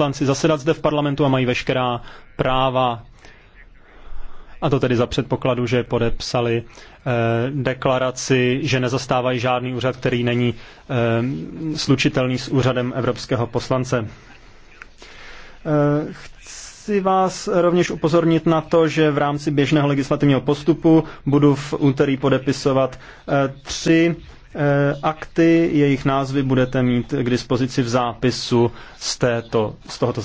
poslanci zasedat zde v parlamentu a mají veškerá práva. A to tedy za předpokladu, že podepsali eh, deklaraci, že nezastávají žádný úřad, který není eh, slučitelný s úřadem evropského poslance. Eh, chci Chci vás rovněž upozornit na to, že v rámci běžného legislativního postupu budu v úterý podepisovat eh, tři eh, akty, jejich názvy budete mít k dispozici v zápisu z, této, z tohoto